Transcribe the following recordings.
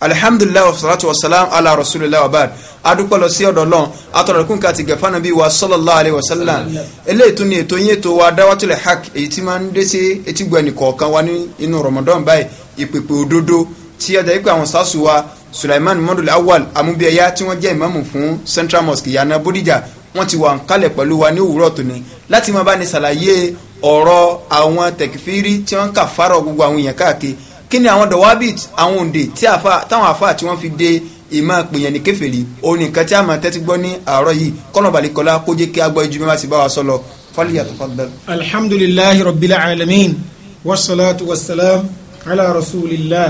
alhamdulilayi wasalaatu wasalaam ala rasulilayi wabaad adúpẹ́ lọ sí ọ̀dọ̀ Ọlọ́run atọ̀rọ̀kún ká ti gẹ̀fà nàbí wa sallallahu alayhi wa sallam eléyìí tún ni ètò yín ètò wa dáwàtúlẹ̀ hak èyí tí máa ń dé sí etígbọ̀ ẹnì kọ̀ọ̀kan wa ní inú Ramadan báyìí ìpèpè òdodo tí ọjà yìí pé àwọn sásù wa Sulaiman mọ́dúlẹ̀ awal amúbíyẹyà tí wọ́n jẹ́ ìmáàmù fún Central Mosque Ìyànà Bódìjà wọ́n ti wà ń kalẹ̀ wa ní òwúrọ̀ tòní láti máa bá ní ṣàlàyé ọ̀rọ̀ àwọn tẹ̀kífírí tí wọ́n ń kà fárọ̀ gbogbo àwọn èèyàn káàkiri kí ni àwọn dọ̀wábìt àwọn òǹdè táwọn àfa tí wọ́n fi de ìmọ̀ pèyàn ní kèfèrí òun nìkan tí a máa tẹ́tí gbọ́ ní àárọ̀ yìí kọ́nà balikọ́lá kó jẹ́ kí a gbọ́ ijú mẹ́wàá sí bá wa sọ lọ fọ́lìyà tó fọ́n bẹ́ẹ̀. alhamdulilayi rabbil alamin ala rasulillah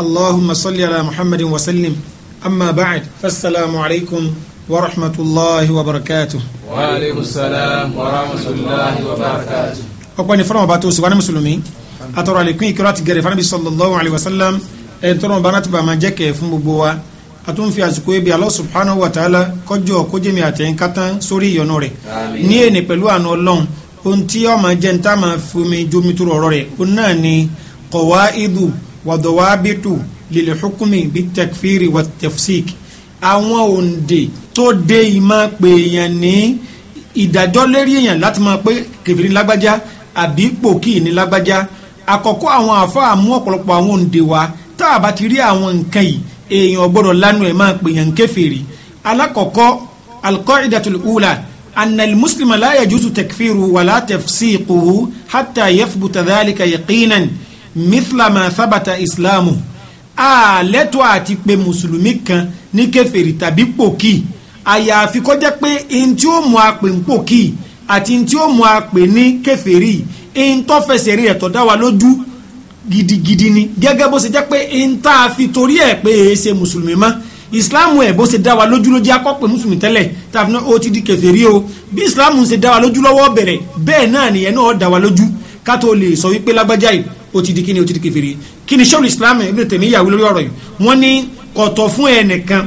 allahumma salli ala muhammadin wa sallim amma ba'd fasalaamu alaykum wa rahmatulahi wa barakatuh. wa aleykum salaam wa rahmatulahi wa barakatuh. ọ̀pọ̀ ni fọlọ́mọba tó sùn wá ní mùsùlùmí atọrọ àlékún ìkírọ àti gẹrẹ fanabi sallallahu alayhi wa sallam ẹni tọrọ bana ti ba ma jẹ kẹ fún gbogbo wa atún fi àsìkò ebi Allah subhanahu wa ta'ala kọjọ kójèmí àtẹnkátán sórí ìyọnu rẹ ní èní pẹ̀lú àna Ọlọ́run ohun tí ọmọ jẹ níta máa fomi jomi tó rọrọ rẹ òun náà ni qawaidu wa dawabitu lil hukmi bit takfiri wa tafsik àwọn òǹdè tó dé ìmọ̀ pé èèyàn ní ìdájọ́ lérí èèyàn láti máa pé kèfèrí lágbájá àbí pòkì ní lágbájá àkọ́kọ́ àwọn àáfàá mú ọ̀pọ̀lọpọ̀ àwọn òǹdè wa tá a bá ti rí àwọn nǹkan yìí èèyàn gbọ́dọ̀ lánàá ẹ̀ máa pè yàn kèfèrí alákọ̀ọ́kọ́ alqaidatul ula anna almuslima la yajuzu takfiru wala tafsiquhu hatta yathbuta dhalika yaqinan mithla ma thabata islamu àlẹ́tọ̀ àti pé mùsùlùmí kan ní kèfèrí tàbí pòkì àyàfi kọjá pé ntí ó mú apè ń pòkì àti ntí ó mú apè ní kèfèrí ntọ́fẹsẹ̀ rí ẹ̀tọ́ dá wa lójú gidigidi ni gẹ́gẹ́ bó ṣe jẹ́ pé ntá fi torí ẹ̀ pé èé e ṣe mùsùlùmí mọ́ ìsìláàmù ẹ̀ bó ṣe dá wa lójú ló jẹ́ akọ́pẹ́ mùsùlùmí tẹ́lẹ̀ tàbí ó ti di kèfèrí o bí ìsìláàmù ṣe dá wa lójú lọ́wọ́ bẹ̀rẹ̀ bẹ́ẹ̀ náà nìyẹn náà dá wa lójú ká tó lè sọ wípé lágbájá yìí ó ti di kíni ó ti di kèfèrí kíni sọ́ọ̀lù ìsìláàmù ẹ̀ tẹ̀mí ìyàwó lórí ọ̀rọ̀ yìí wọ́n ní kọ̀tọ̀ fún ẹnìkan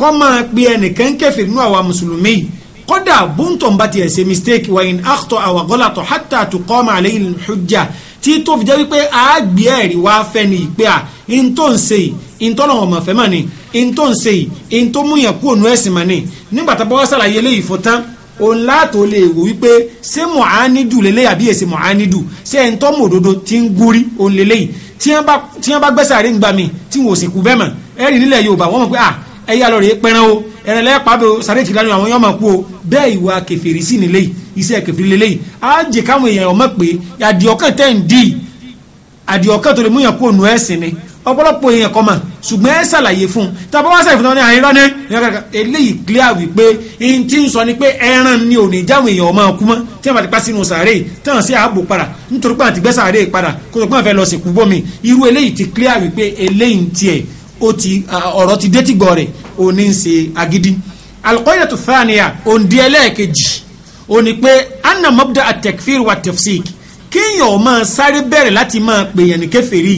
kọ́ máa pe ẹnìkan kèfèrí kódà bóńtọ̀n bá tiẹ̀ ṣe mistake wa in akhto awa gọ́làtọ̀ hatta tuqama alayhi hujja tí tó fi jẹ́ wípé àágbé ẹ̀rí wá fẹ́ ni ìpè à in tó ń ṣe yìí in tó lọ́wọ́ ọmọ fẹ́ mà ni in tó ń ṣe yìí in tó mú yàn kú ònú ẹ̀sìn mà ni nígbà tá a bá wá sàlàyé eléyìí fún tán òun láàtò lè wò wípé ṣé mọ̀ánídù lélẹ́yìí àbí èsì mọ̀ánídù ṣé ẹ̀ ń tọ́ mọ̀ òdodo ti ń gúrí òun lélẹ́yìí tí wọ́n bá gbẹ́sàárẹ̀ ń tí wọ́n ò sì kú bẹ́ẹ̀ mọ̀ ẹ̀rí nílẹ̀ Yorùbá wọ́n mọ̀ pé à ẹ̀yà lọ́ọ̀rẹ́ pẹ́ràn o ẹ̀rẹ̀ lẹ́pàbẹ̀ sàrẹ́tì lánàá àwọn yọ̀ọ́ máa kú o bẹ́ẹ̀ ìwà kẹfìrì sí nílé yìí iṣẹ́ kẹfìrì lélẹ́ yìí á jẹ káwọn èèyàn ọmọ pé àdìọ́kàn tẹ̀ ń dì àdìọ́kàn tó lè mú yàn kú ònú ẹ̀sìn ni ọ̀pọ̀lọpọ̀ èèyàn kọ́ mà ṣùgbọ́n ẹ ṣàlàyé fún un tàbí wọ́n ṣàlàyé fún un ní àyè rọ́ni eléyìí clear wípé n ti ń sọ ni pé ẹran ni eléyìí ti clear wípé eléyìí tiẹ̀ ó ti ọ̀rọ̀ ti détìgbọ̀ rẹ̀ ó ní ṣe agidi alqaidatu thaniya òǹdí ẹlẹ́ẹ̀kejì ó ní pé anna mabda at-takfir wa tafsik kéèyàn ó máa sáré bẹ̀rẹ̀ láti máa pèèyàn ní kèfèrí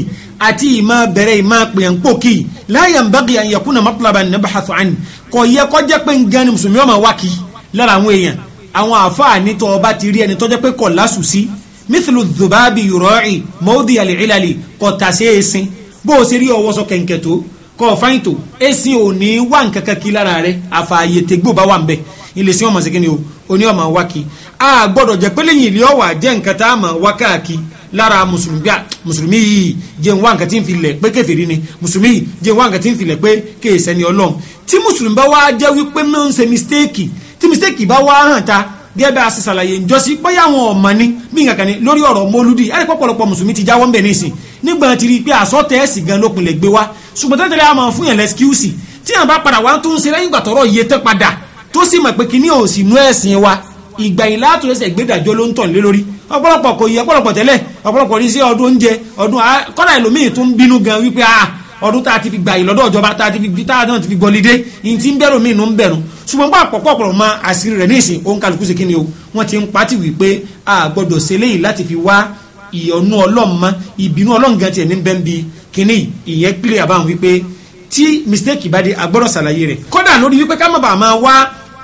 àti ìmọ̀ bẹ̀rẹ̀ ìmọ̀ pèèyàn pòkì la yanbaghi an yakuna matlaban nabhathu an kò yẹ kó jẹ́ pé nǹkan ni mùsùlùmí ọmọ wákì lára àwọn èèyàn àwọn àfáàní tó ọba ti rí ẹni tó jẹ́ pé kò lásù sí mithlu dhubabi yurọ́ọ̀ì mọ́ọ́dì àlìhílàlì kò tà sí èsìn bó o ṣe rí ọwọ́ sọ kẹ̀kẹ́ tó kọ́ ọ fáyìn tó èsì ò ní wà nǹkan kan kí lára rẹ àfààyè tẹgbó bá wà ń bẹ ilé sí ọmọ ṣèkínni o oní ọmọ wá kí a gbọ́dọ̀ jẹ́ pé lẹ́yìn ilé ọ̀wà jẹ́ nǹkan tá a mọ̀ wá káàkiri lára mùsùlùmí yìí jẹ́ ń wá nǹkan tí ń filẹ̀ pé kèfèrí ni mùsùlùmí yìí jẹ́ ń wá nǹkan tí ń filẹ̀ pé kèsẹ́ni ọlọ́run tí mùsùlùmí bá wá jẹ́ wípé náà ń ṣe mistake tí mistake bá wá hàn ta gẹ́gẹ́ bá a ṣe ṣàlàyé ǹjọ́sí bóyá àwọn ọ̀mọ̀ ni bí nǹkan kan ni lórí ọ̀rọ̀ mọ́lúdì ẹ̀rí pọ̀pọ̀lọpọ̀ mùsùlùmí ti jáwọ́ ńbẹ̀ nísìn nígbà tí rí i pé àsọtẹ́ ẹ̀sìn gan lópin lè gbé wa ṣùgbọ́n tẹ́tẹ́lẹ́ a máa fún yàn lẹ́síkúùsì tí yàn bá padà wá tó ń ṣe lẹ́yìn ìgbà tọ́rọ̀ iye tẹ́ padà tó sì mọ̀ pé kíní ò sì nú ẹ̀sìn wa ìgbà ìlàtò ẹsẹ̀ gbẹ́dàjọ́ ló ń tàn lé lórí ọ̀pọ̀lọpọ̀ kò yẹ ọ̀pọ̀lọpọ̀ tẹ́lẹ̀ ọ̀pọ̀lọpọ̀ ní sí ọdún oúnjẹ ọdún kọ́dà ẹlòmíì tó bínú gan wípé ah ọdún tá a ti fi gbàyè lọ́dọ̀ ìjọba tá a ti fi tá a náà ti fi gbọ́lidé yìí ti ń bẹ̀rù mí inú ń bẹ̀rù ṣùgbọ́n bá àpọ̀pọ̀ ọ̀pọ̀ ma àṣírí rẹ̀ nísìn òun kálukú ṣe kíni o wọ́n ti ń pati wípé a gbọ́dọ̀ ṣe léyìí láti fi wá ìyọnu ọlọ́mọ ìbínú ọlọ́ǹgàn tiẹ̀ ní bẹ́ẹ̀ bí kíní ìyẹn clear about wípé tí mistake bá dé a gbọ́dọ̀ ṣàlàyé rẹ̀ kódà lórí wípé ká má bàa máa wá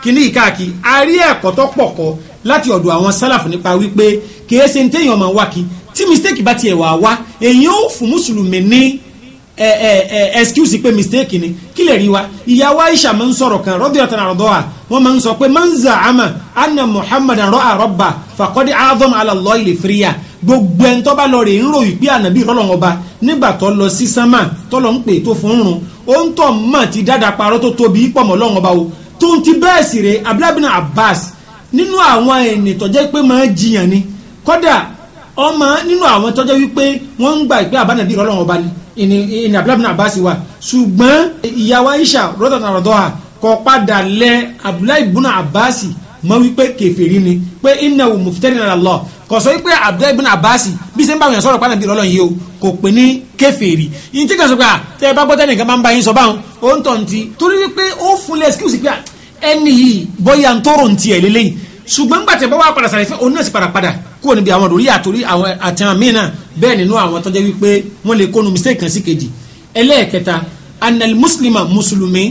kíní ìkáàkì a rí ẹ̀kọ́ tó pọ̀ kọ́ láti ọ̀dọ̀ àwọn sálàfù nípa wípé kìí ṣe ní téèyàn máa wá kí tí mistake bá tiẹ̀ wà wá èyí ó fún mùsùlùmí ní ẹ ẹ ẹ excuse pé mistake ni kí lè rí wa ìyàwó aisha máa ń sọ̀rọ̀ kan rọ́bì ọ̀tàn àrọ̀dọ́wà wọ́n máa ń sọ pé man za'ama anna muhammadan ra'a rabba faqad a'dhama 'ala Allahi al-firya gbogbo ẹni tó bá lọ rè ń rò wípé ànábì rọ́lọ́wọ́n ọba nígbà tó lọ sí sánmà tó lọ ń pè tó fún un rún ó ń tọ̀ mọ̀ ti dáadáa parọ́ tó tóbi pọ̀mọ́ lọ́wọ́n ọba o tó ń ti bẹ́ẹ̀ sì rè abdulabina abbas nínú àwọn ẹni tó pé máa jiyàn ni kódà ọmọ nínú àwọn tó jẹ́ wípé wọ́n ń gbà pé àbánàbí rọ́lọ́wọ́n ọba ni ìní ìní abdullahi bin abbas wa ṣùgbọ́n ìyàwó aisha rọ́dọ̀nà rọ́dọ̀ha kọ́ padà lẹ abdullahi bin abbas mọ wípé kèfèrí ni pé iná wò mufitẹ́ni náà lọ kò sọ wípé abdullahi bin abbas bí sẹ́ńbà wọ̀nyẹn sọ̀rọ̀ pàdánù bí ọlọ́run yìí o kò pè ní kèfèrí yìí tí kan sọ pé à ah, tẹ́ ẹ bá gbọ́ tẹ́nìkan máa ń bá yín sọ báwọn ó ń tọ̀ ntí torí wípé ó fún lẹ́ excuse pé ah, ẹni yìí bọ́yà ń tọrọ ntí ẹ̀ lélẹ́yìn ṣùgbọ́n gbàtẹ́ bá wà padà sàrẹ́fẹ́ òun padà padà kúrò níbi àwọn òrí àtòrí àwọn àtẹ̀hàn míì náà bẹ́ẹ̀ nínú àwọn tọ́jẹ́ wípé wọ́n lè kónu mistake kan sí kejì ẹlẹ́ẹ̀kẹta anal muslima mùsùlùmí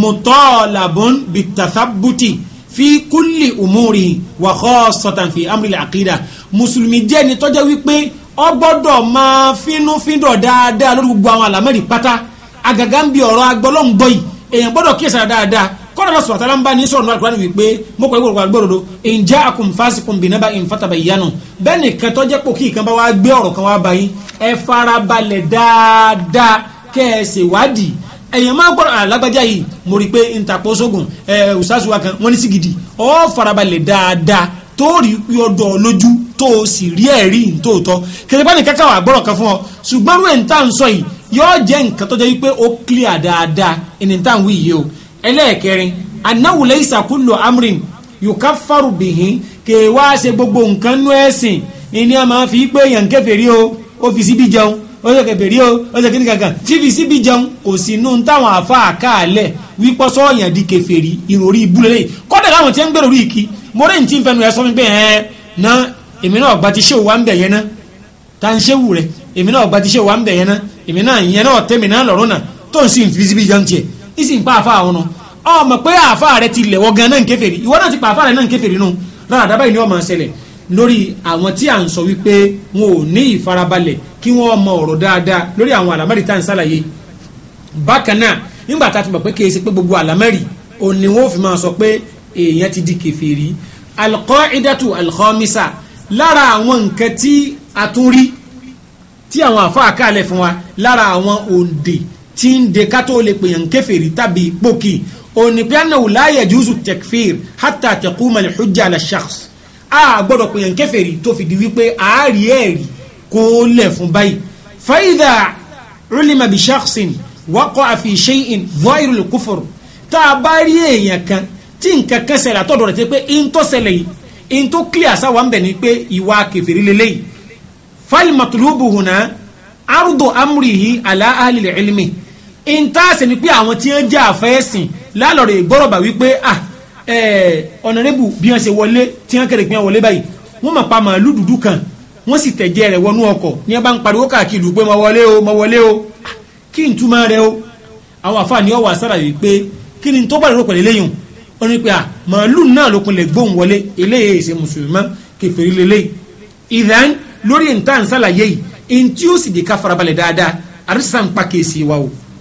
mutọ́ọ̀làbọ̀n bitafabuti fi kúlì umuri wà khassatan fi amri al-aqida mùsùlùmí jẹ́ ni tọ́jẹ́ wípé ó gbọ́dọ̀ máa fínúfíndọ̀ dáadáa lórí gbogbo àwọn àlámẹ́rì pátá àgàgà ń bi ọ̀rọ̀ agbọ́lọ́ngbọ́ yìí èèyàn gbọ́dọ̀ kíyèsára dáadáa kọ́nà lọ sọ̀rọ̀ tàlàǹbà ní sọ̀rọ̀ náà kúránì wípé mo pẹ̀lú gbogbo àgbọ̀rọ̀dọ̀ in ja'akum fasiqun binaba'in fatabayyanu bẹ́ẹ̀ nìkan tọ́jẹ́ pò kí ìkan bá wá gbé ọ̀rọ̀ kan wá bá yín ẹ farabalẹ̀ dáadáa kẹ́ ẹ ṣèwádìí ẹ̀yàn máa gbọ́dọ̀ alágbájá ah, yìí mo rí i pé ntàpọ̀ sógun ẹ̀ ọ̀sásùwà kan wọ́n ní sìgìdì ọ́ farabalẹ̀ dáadáa tó rí ọdọ̀ o sì rí ẹ̀rí ntòótọ́ kẹlẹ́pàdé kẹ́kẹ́ wà gbọ́dọ̀ kan fún ọ ṣùgbọ́n rẹ̀ ń tà ń sọ yìí yóò jẹ́ nǹkan tó jẹ́ wípé ó clear dáadáa ẹni tà o ẹlẹ́ẹ̀kẹrin annahu laysa kullu amrin yukaffaru bihi kèé wá ṣe gbogbo nǹkan nú ẹ̀sìn ìní a máa fi pé èèyàn kèfèrí o ó fi síbi jẹun ó ṣe kèfèrí o ó ṣe kíni kankan tí fi síbi jẹun kò sí inú táwọn àáfàá káàlẹ̀ wípọ́ sọ́ọ̀yàn di kèfèrí ìròrí ibúlẹ̀ kọ́dà láwọn tí ń gbèrò rí kí mo rí ní tí ń sọ fún mi pé ẹ ná èmi náà gba ti ṣé wa ń bẹ̀ yẹn ná ta ń ṣé wù rẹ̀ èmi náà gba ti ṣé wa ń bẹ̀ yẹn ná èmi náà yẹn náà tẹ́mi náà lọ́rùn náà tó ń sì fi síbi jẹun tiẹ̀ ìsìn pa àfa àwọn ọmọ pé àfa rẹ ti lẹ̀wọ́ gan náà ń kèfèrí ìwọ náà ti pa àfa rẹ náà ń kèfèrí nù rárá dábàá ìní ọmọ ṣẹlẹ̀ lórí àwọn tí à ń sọ wípé wọn ò ní ìfarabalẹ̀ kí wọ́n mọ ọ̀rọ̀ dáadáa lórí àwọn àlámẹ́rì tá à ń ṣàlàyé bákan náà nígbà tá a ti mọ̀ pé kèé ṣe pé gbogbo àlámẹ́rì òun ni wọ́n fi máa sọ pé èèyàn ti di kèfèrí alqaidatu alkhamisa lára àwọn nǹkan tí a tún rí tí àwọn àfa àkàlẹ̀ fún wa lára àwọn òǹdè tí ń de ká tó lè pèyàn kèfèrí tàbí pòkì òní pé anáwó láàyè jùzù tẹkfìr hátà tẹkùmọ̀ lè hujja ala shakhs a gbọ́dọ̀ pèyàn kèfèrí tó fi di wípé àárí ẹ̀rí kó lẹ̀ fún báyìí fàyídà ulima bi shakhsin waqa'a fi shay'in dhahirul kufur tá a bá rí èèyàn kan tí nǹkan kan ṣẹlẹ̀ àtọ̀dọ̀ rẹ̀ ti pé in tó ṣẹlẹ̀ yìí in tó clear sáwà ń bẹ̀ ni pé ìwà kèfèrí lélẹ́yìí fal matlubu huna ardu amrihi ala ahli ilmi intaase ni pé àwọn tí ń jẹ́ àfẹ́sìn lálọ́rọ̀ ah, wípé ọ̀nàrẹ́bù bí wọ́n ṣe wọlé tí wọ́n kéré pé wọ́n wọlé báyìí wọ́n mọ̀ pa màálù dúdú kan wọ́n sì tẹ̀jẹ́ rẹ̀ wọnú ọkọ̀ ní ẹ bá ń pariwo káàkiri ìlú pé mo wọlé o mo wọlé o kí n túmọ̀ rẹ o àwọn àfààní ọ̀wà sára yìí pé kí ni tó bá rẹ̀ pẹ̀lẹ́ lẹ́yìn o ní pé màálù náà ló pinlẹ̀ gbóhùn wọlé eléyìí ṣe mùsùlùmá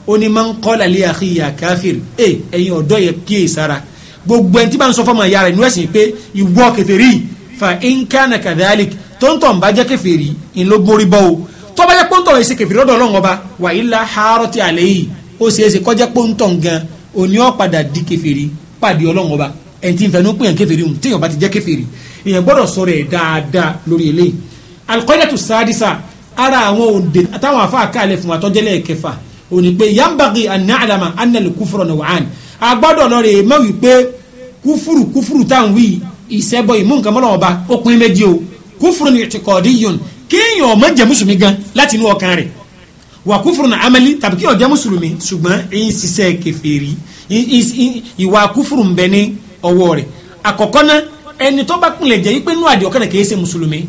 ó ní máa ń kọ́ làlẹ́ àkì ìyá káfíìrì ẹ ẹ̀yin ọ̀dọ́ yẹ kí èyí sára gbogbo ẹni tí bá ń sọ fọmọ ìyá rẹ̀ níwẹ̀sì pé ìwọ kèfèrí fa inkana kadhalik tóńtọ̀ ń bá jẹ́ kèfèrí ń ló borí bọ́ o tó bá jẹ́ pọ́ńtọ̀ èsì kèfèrí lọ́dọ̀ ọlọ́run ọba wà ilá haarọ́ ti àlẹ́ yìí ó sì èsì kọjá pọ́ńtọ̀ gan òní ọ̀ padà di kèfèrí pàdé ọlọ́run ọba ẹ̀ ti ń fẹnu pé yẹn kèfèrí hùn téèyàn bá ti jẹ́ kèfèrí èèyàn gbọ́dọ̀ sọ̀rọ̀ ẹ̀ dáadáa lórí eléyìí alqaidatu sadisa ara àwọn òde àtàwọn àfa àkàlẹ̀ fún àtọ́jẹ́lẹ̀ kẹfà ó yambagi anna alama annali kúfúrọ̀ ní wàhán agbọ́dọ̀ lọ́ọ́ kufuru kufuru wípé kúfúrù kúfúrù táwọn wí ìṣẹ́bọ̀ ìmú nǹkan mọ́lọ́wọ́ba ó pín méjì o kúfúrù ní ìtìkọ̀ọ́dí yòn kéèyàn ọmọ jẹ́ mùsùlùmí gan láti inú ọkàn rẹ̀ wà kúfúrù ní amali tàbí kéèyàn jẹ́ mùsùlùmí ṣùgbọ́n ẹ̀yìn ṣiṣẹ́ kẹfẹ́rì ìwà kúfúrù ń bẹ ní ọwọ́ rẹ̀ àkọ́kọ́ náà ẹni tó bá pinlẹ̀ jẹ́ wípé nínú àdìọ́kàn rẹ̀ kì í ṣe mùsùlùmí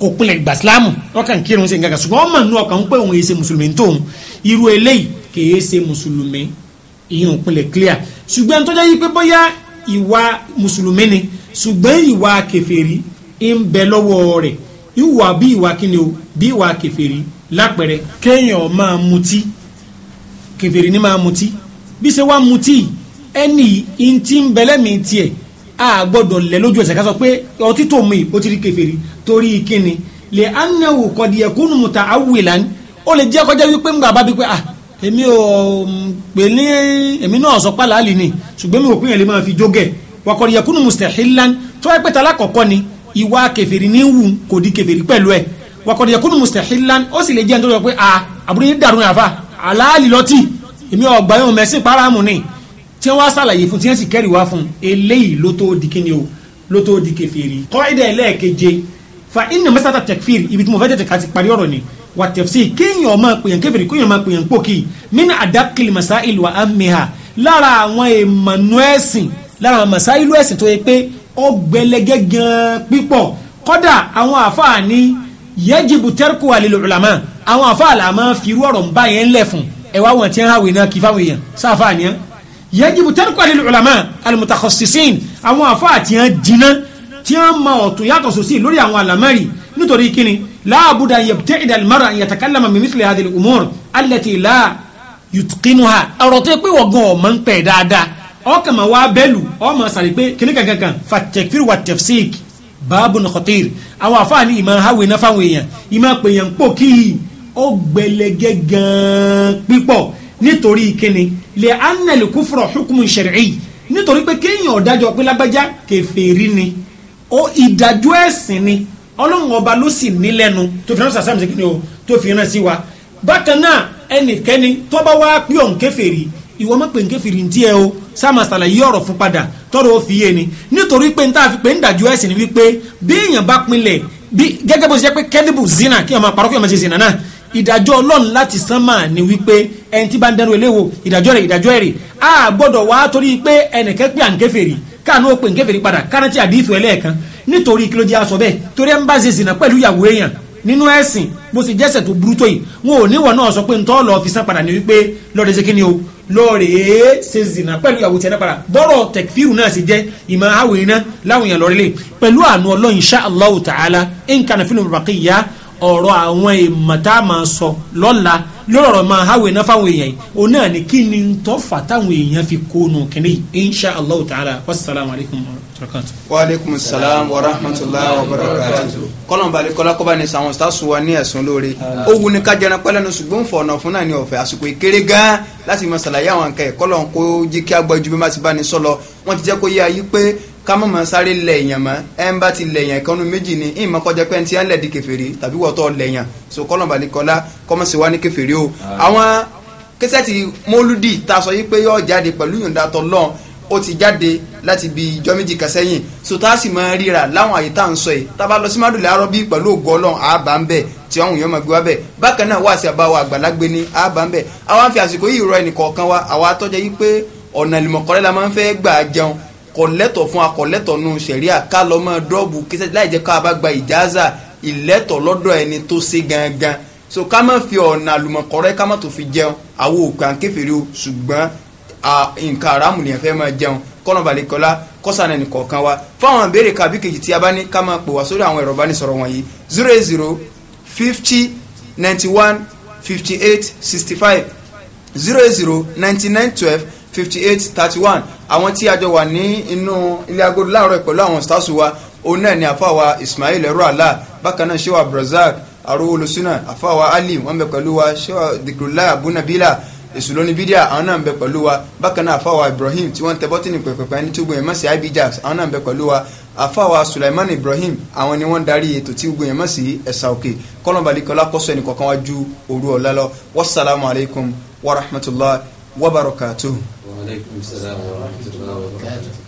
kò pinlẹ̀ gbàsílámù ọkàn kírun ṣe nǹkan kan ṣùgbọ́n ọmọ nínú ọkàn ń pé òun kì ṣe mùsùlùmí tóun irú eléyìí kìí ṣe mùsùlùmí ìyẹn òpinlẹ̀ clear ṣùgbọ́n tó jẹ́ yí pé bóyá ìwà mùsùlùmí ni ṣùgbọ́n ìwà kèfèrí ń bẹ lọ́wọ́ rẹ̀ ìwà bí ìwà kíni o bí ìwà kèfèrí lápẹ̀rẹ̀ kéèyàn máa mutí kèfèrí ni máa mutí bí ṣe wá mutí ẹni ìntí ń bẹ lẹ́mìí tiẹ̀ a gbọ́dọ̀ lẹ̀ lójú ẹsẹ̀ ká sọ pé ọtí tó mu yìí ó ti rí kèfèrí torí kíni lè anáwó kọ̀dìyẹ kúnnù mùtà awìlán ó lè jẹ́ kọjá wípé ńgbà bá bí pé ah èmi ò mm, pè ní èmi náà sọ pálá àlì ni ṣùgbọ́n mi ò pín yẹn lè máa fi jógẹ̀ wakọ̀rọ̀ yẹ kúnnù mustahilan tó wáyé pé tala ni ìwà kẹfẹ́rì ní wù kò di kẹfẹ́rì pẹ̀lú ẹ̀ wakọ̀rọ̀ yẹ kúnnù ó sì lè jẹ́ nítorí pé ah àbúrò yìí dàrú yàfa àlàálì lọ́tì èmi ọ̀gbà yóò mẹ́sìn paramu ni tí wọ́n á sàlàyé fún tí wọ́n sì kẹ́rì wá fún eléyìí ló tó di kíni o ló tó di kẹfẹ́rì kọ́ fa inna masata takfir ibi tí mo fẹ́ tètè ká ti parí ọ̀rọ̀ ni wa tafsir kéèyàn máa pèyàn kèfèrí kéèyàn máa pèyàn pòkì mina adakil masail wa amiha lára àwọn emmanuelsin lára àwọn masailu ẹ̀sìn tó yẹ pé ọgbẹ́lẹ́gẹ́ gan pípọ̀ kọ́dà àwọn àfáà ní yajibu tarku alil ulama àwọn àfáà là máa firú ọ̀rọ̀ ń bá yẹn lẹ̀ fún ẹ̀ wá wọn ti ń hàwé náà kí fáwọn èèyàn sáfáà ni yajibu tarku alil ulama al àwọn àfáà ti ń jiná tí wọ́n mọ ọ̀tún yàtọ̀ sósì lórí àwọn àlámẹ́rì nítorí kíni láàbùdà yẹ̀bùtẹ́ ìdàlmọ́ra ìyàtàkálàmà mímísìlẹ̀ adìrẹ umar alẹ́tì ilá yutqinuha ọ̀rọ̀ tó pé wọ̀gán ọ̀ máa ń pẹ̀ dáadáa ọkàn máa wá bẹ́ẹ̀lù ọmọ sàrí pé kíní kankan fatẹ̀kfir wa tẹ̀fsík báàbù nìkọ̀tìr àwọn àfáàní ìmọ̀ hawe náà fáwọn èèyàn ìmọ̀ pèèyàn pò kí ó gbẹlẹgẹ gan-an pípọ̀ nítorí kíni lè anàlẹ́ kúfúrọ̀ hukumu shar'i nítorí pé kéèyàn ọ̀dájọ́ pé lágbájá kèfèrí ni O ìdájọ́ ẹ̀sìn ni ọlọ́run ọba ló sì ní lẹ́nu tó fi ránṣẹ́ sàmìsì kí o tó fi ránṣẹ́ wa bákan náà ẹnìkẹ́ni tó bá wá pé òun kèfèrí ìwọ má pè ń kèfèrí ntí ẹ o sáàmà sàlàyé ọ̀rọ̀ fún padà tọ́rọ̀ ó yé ni nítorí pé n ta fi pé ń dájọ́ ẹ̀sìn ni wípé bí èèyàn bá pinlẹ̀ bí gẹ́gẹ́ bó ṣe jẹ́ pé kẹ́díbù zina kí ọmọ àpárọ̀ kí ọmọ ṣe zina náà ìdájọ́ ọlọ́run láti sánmà ni wípé ẹni tí bá ń dẹnu eléwo ìdájọ́ rẹ̀ ìdájọ́ rẹ̀ a gbọ́dọ̀ wá torí pé ẹnìkẹ́ pé à ń kèfèrí káànú ó pè ń kèfèrí padà kárántì àdìsù ẹlẹ́ẹ̀kan nítorí kí ló jẹ́ aṣọ bẹ́ẹ̀ torí ẹ̀ ń bá ṣe sìnà pẹ̀lú ìyàwó èèyàn nínú ẹ̀sìn bó ṣe jẹ́sẹ̀ tó burú tó yìí wọn ò níwọ̀ náà sọ pé ń tọ́ lọ fi san padà ní wípé lọ́ọ̀rẹ́ ṣe kí ni o lọ́ọ̀rẹ́ ṣe zìnà pẹ̀lú ìyàwó tiẹ̀ náà padà bọ́rọ̀ tẹ̀kfíù náà sì jẹ́ ìmọ̀ àwìn náà lọ́rẹ́lẹ̀ pẹ̀lú àánú Ọlọ́run insha Allah ta'ala in kana fil baqiyya ọ̀rọ̀ àwọn èèmọ̀ tá a máa sọ lọ́la lọ́rọ̀ máa háwé náà fáwọn èèyàn yìí òun náà ni kí ni tó fà táwọn èèyàn fi kónú kínní insha allah ta'ala wasalaamu alaykum wa rahmatulahi. wa aleykum salaam wa rahmatulahi wa barakatuh. kọ́lọ́n balẹ̀ kọ́lá kọ́ba ni sàwọn ọ̀sán sùn wa ní ẹ̀sùn lóore. ó wù ní kájẹ́ra pẹ́lẹ́ ní ṣùgbọ́n fọ̀nà fún náà ní ọ̀fẹ́ àsìkò ìkéré gan-an láti mọ sàlàyé àwọn nǹkan ẹ̀ kọ́lọ́n kó jí kí agbọ́jú ká mọ̀ mọ̀ sáré lẹ̀ èèyàn mọ́ ẹ̀ ń bá ti lẹ̀ èèyàn kanú méjì ni ìmọ̀ kọjá pé ń lẹ̀ di kẹfẹ́rí tàbí wọ́tọ̀ lẹ̀ so kọ́lọ̀bà ní kọ́lá kọ́mọ̀ sí wa ní kẹfẹ́rí o. àwọn kẹsẹ́tì mólúdì tá a sọ yí pé yóò jáde pẹ̀lú yòǹda tọ́lọ́n ó ti jáde láti bi ìjọ méjì kan so tá a sì máa ríra láwọn àyè tá à ń sọ yìí tá a bá lọ sí mádùlẹ̀ àárọ̀ bí pẹ̀lú ògo Ọlọ́run àbá ń bẹ̀ tí àwọn èèyàn máa gbé wá bẹ̀ bákan náà wá sí àbáwọ̀ àgbàlagbé ní àbá ń bẹ̀ àwa ń àsìkò yìí rọ ẹnì kọ̀ọ̀kan wa àwa tọ́jà yìí pé ọ̀nà ìlùmọ̀kọ́rẹ́ la máa ń fẹ́ gbà jẹun kọ̀lẹ́tọ̀ fún akọ̀lẹ́tọ̀ nù sẹ̀ríà ká lọ́ mọ́ dọ́ọ̀bù kíṣẹ́ láì jẹ́ ká bá gba ìjáza ìlẹ́tọ̀ lọ́dọ̀ ẹni tó ṣe gangan so ká má fi ọ̀nà àlùmọ̀kọ́rẹ́ ká má tó fi jẹun àwọn òkè àǹkẹ́fẹ̀rẹ́ o ṣùgbọ́n nǹkan àràmù nìyẹn fẹ́ máa jẹun kọ́nà balẹ̀kọ́lá kọ́sàn ẹnì kọ̀ọ̀kan wa fáwọn ìbéèrè kàbí kejì tí a bá ní ká máa pè wá sórí àwọn ẹ̀rọ ìbánisọ̀rọ̀ wọ̀nyí zero eight zero fifty ninety one fifty eight sixty five zero eight zero ninety nine twelve fifty eight thirty one àwọn tí a jọ wà ní inú ilé agodo láàárọ̀ pẹ̀lú àwọn stasi wa òun náà ni àfàwà Ismail ẹ̀rọ àlá bákan náà ṣéwà Brazak arúgbólosúnà àfàwà Ali wọn bẹ pẹ̀lú wa ṣéwà dìgbòlá abunabila èsù lóní bídíà àwọn náà ń bẹ pẹ̀lú wa bákan náà àfàwà Ibrahim tí wọ́n tẹ bọ́tìnì pẹ̀pẹ̀pẹ̀ ní tí gbìyànjú mọ̀ sí ibijax àwọn náà ń bẹ pẹ̀lú wa àfàwà Sulaiman Ibrahim àwọn ni wọ́n darí ètò tí gbìyànjú mọ̀ sí ẹ̀sà òkè kọ́lọ́mbalẹ̀ kọ́lá kọ́sọ̀ ẹnì kọ̀ọ̀kan wá ju òru ọ̀la lọ wassalamu alaikum warahmatullahi wa barakatuhu. wa aleykum salaam